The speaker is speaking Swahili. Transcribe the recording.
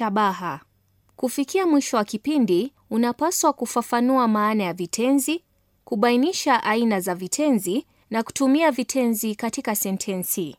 Shabaha. Kufikia mwisho wa kipindi, unapaswa kufafanua maana ya vitenzi, kubainisha aina za vitenzi na kutumia vitenzi katika sentensi.